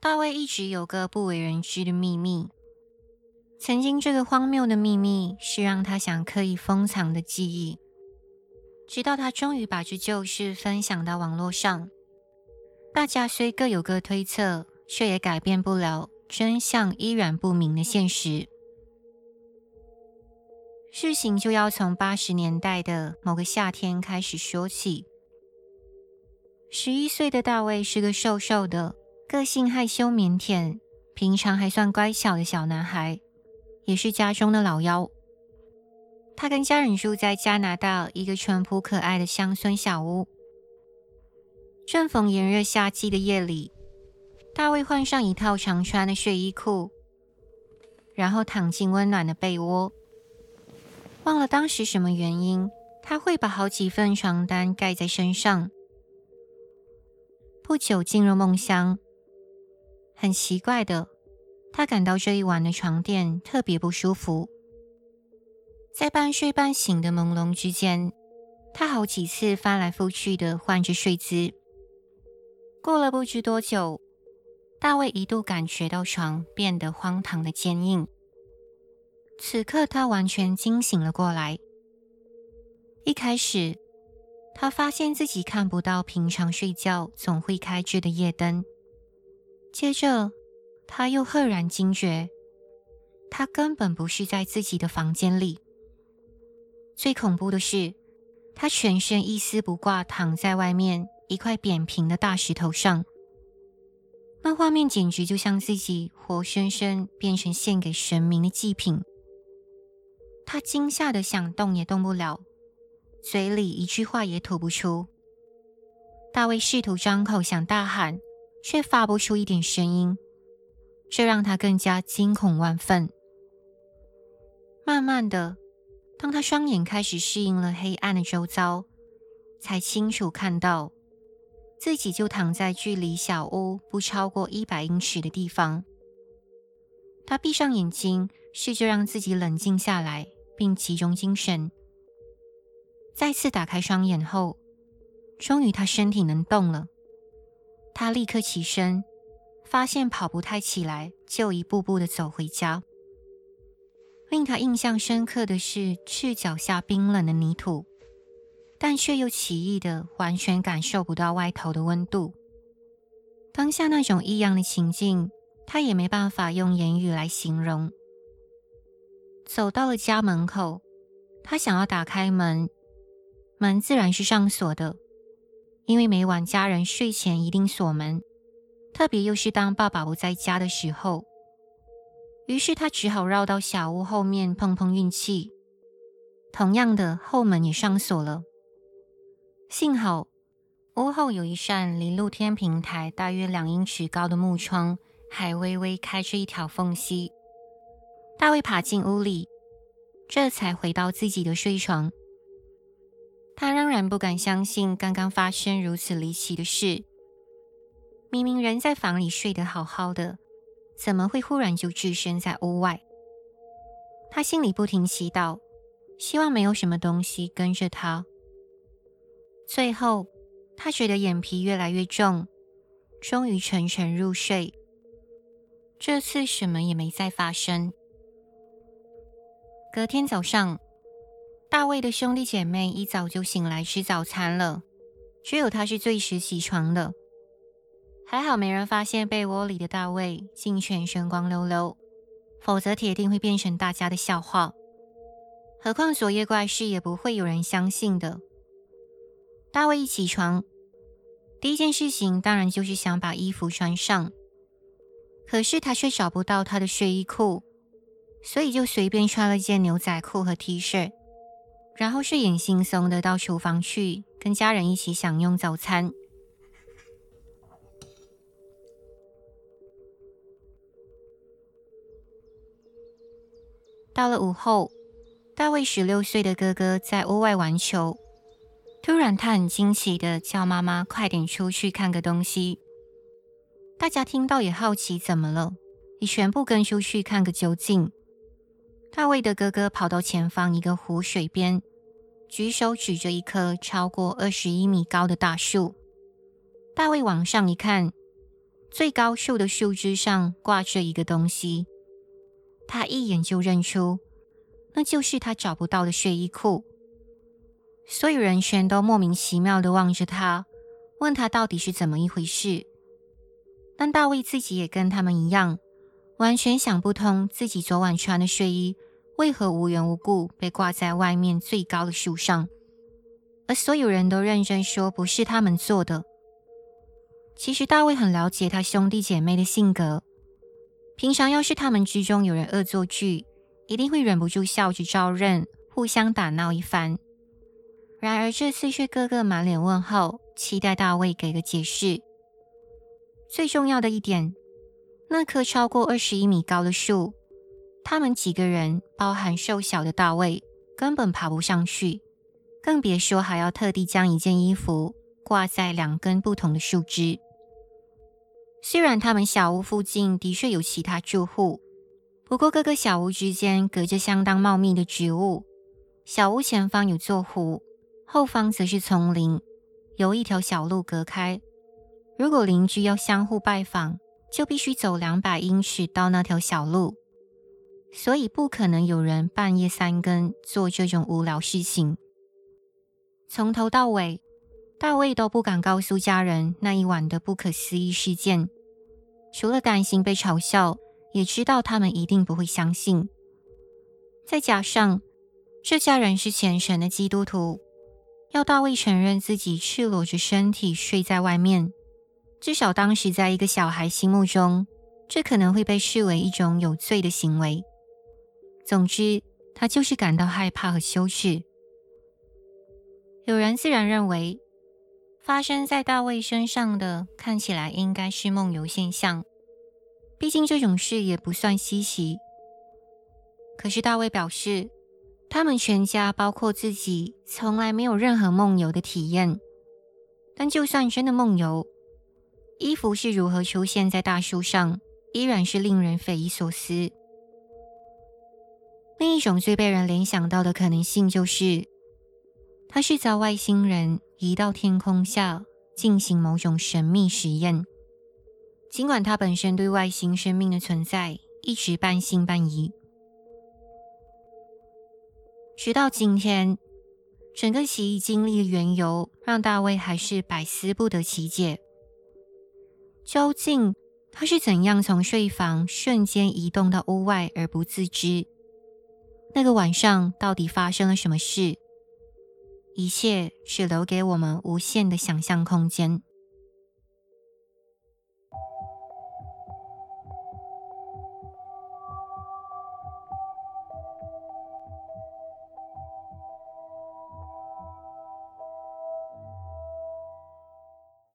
大衛一直有個不為人知的秘密。曾經，這個荒謬的秘密是讓他想刻意封藏的記憶。直到他終於把這舊事分享到網絡上，大家雖各有各推測，卻也改變不了真相依然不明的現實。事情就要從八十年代的某個夏天開始說起。十一歲的大衛是個瘦瘦的、個性害羞靦腆、平常還算乖巧的小男孩，也是家中的老幺。他跟家人住在加拿大一個淳樸可愛的鄉村小屋。正逢炎熱夏季的夜裡，大衛換上一套常穿的睡衣褲，然後躺進溫暖的被窩。忘了當時什麼原因，他會把好幾份床單蓋在身上。不久進入夢鄉，很奇怪的，他感到這一晚的床墊特別不舒服。在半睡半醒的朦朧之間，他好幾次翻來覆去的換着睡姿。過了不知多久，大衛一度感覺到床變得荒唐的堅硬。此刻他完全驚醒了過來。一開始，他發現自己看不到平常睡覺總會開着的夜燈，接着他又赫然驚覺，他根本不是在自己的房間裡。最恐怖的是，他全身一絲不掛，躺在外面一塊扁平的大石頭上。那畫面簡直就像自己活生生變成獻給神明的祭品。他驚嚇的想動也動不了。嘴裡一句話也吐不出。大衛試圖張口想大喊，卻發不出一點聲音，這讓他更加驚恐萬分。慢慢的，當他雙眼開始適應了黑暗的周遭，才清楚看到自己就躺在距離小屋不超過一百英尺的地方。他閉上眼睛，試着讓自己冷靜下來，並集中精神。再次打開雙眼後，終於他身體能動了。他立刻起身，發現跑不太起來，就一步步的走回家。令他印象深刻的是赤腳下冰冷的泥土，但卻又奇異的完全感受不到外頭的溫度。當下那種異樣的情境，他也沒辦法用言語來形容。走到了家門口，他想要打開門。門自然是上鎖的，因為每晚家人睡前一定鎖門，特別又是當爸爸不在家的時候。於是他只好繞到小屋後面碰碰運氣。同樣的，後門也上鎖了。幸好屋後有一扇離露天平台大約兩英尺高的木窗，還微微開着一條縫隙。大衛爬進屋裡，這才回到自己的睡床。他仍然不敢相信剛剛發生如此離奇的事。明明人在房裡睡得好好的，怎麼會忽然就置身在屋外？他心裡不停祈禱，希望沒有什麼東西跟着他。最後，他覺得眼皮越來越重，終於沉沉入睡。這次什麼也沒再發生。隔天早上，大衛的兄弟姐妹一早就醒來吃早餐了，只有他是最遲起床的。還好沒人發現被窩裡的大衛，竟全身光溜溜，否則鐵定會變成大家的笑話。何況昨夜怪事也不會有人相信的。大衛一起床，第一件事情當然就是想把衣服穿上，可是他卻找不到他的睡衣褲，所以就隨便穿了一件牛仔褲和 T 恤。然後睡眼惺忪的到廚房去，跟家人一起享用早餐。到了午後，大衛十六歲的哥哥在屋外玩球，突然他很驚喜的叫媽媽快點出去看個東西。大家聽到也好奇怎麼了，也全部跟出去看個究竟。大衛的哥哥跑到前方一個湖水邊，舉手指着一棵超過二十一米高的大樹。大衛往上一看，最高樹的樹枝上掛着一個東西，他一眼就認出，那就是他找不到的睡衣褲。所有人全都莫名其妙地望着他，問他到底是怎麼一回事。但大衛自己也跟他們一樣，完全想不通自己昨晚穿的睡衣。為何無緣無故被掛在外面最高的樹上？而所有人都認真說不是他們做的。其實大衛很了解他兄弟姐妹的性格，平常要是他們之中有人惡作劇，一定會忍不住笑着招認，互相打鬧一番。然而這次卻個個滿臉問號，期待大衛給個解釋。最重要的一點，那棵超過二十一米高的樹。他們幾個人，包含瘦小的大衛，根本爬不上去，更別說還要特地將一件衣服掛在兩根不同的樹枝。雖然他們小屋附近的確有其他住戶，不過各個小屋之間隔着相當茂密的植物。小屋前方有座湖，後方則是叢林，由一條小路隔開。如果鄰居要相互拜訪，就必須走兩百英尺到那條小路。所以不可能有人半夜三更做這種無聊事情。從頭到尾，大衛都不敢告訴家人那一晚的不可思議事件，除了擔心被嘲笑，也知道他們一定不會相信。再加上這家人是虔誠的基督徒，要大衛承認自己赤裸着身體睡在外面，至少當時在一個小孩心目中，這可能會被視為一種有罪的行為。總之，他就是感到害怕和羞恥。有人自然認為，發生在大衛身上的看起來應該是夢遊現象，畢竟這種事也不算稀奇。可是，大衛表示，他們全家包括自己，從來沒有任何夢遊的體驗。但就算真的夢遊，衣服是如何出現在大樹上，依然是令人匪夷所思。另一種最被人聯想到的可能性，就是他是遭外星人移到天空下進行某種神秘實驗。儘管他本身對外星生命的存在一直半信半疑，直到今天，整個奇異經歷的緣由讓大衛還是百思不得其解。究竟他是怎樣從睡房瞬間移動到屋外而不自知？那個晚上到底發生了什麼事？一切只留給我們無限的想象空間。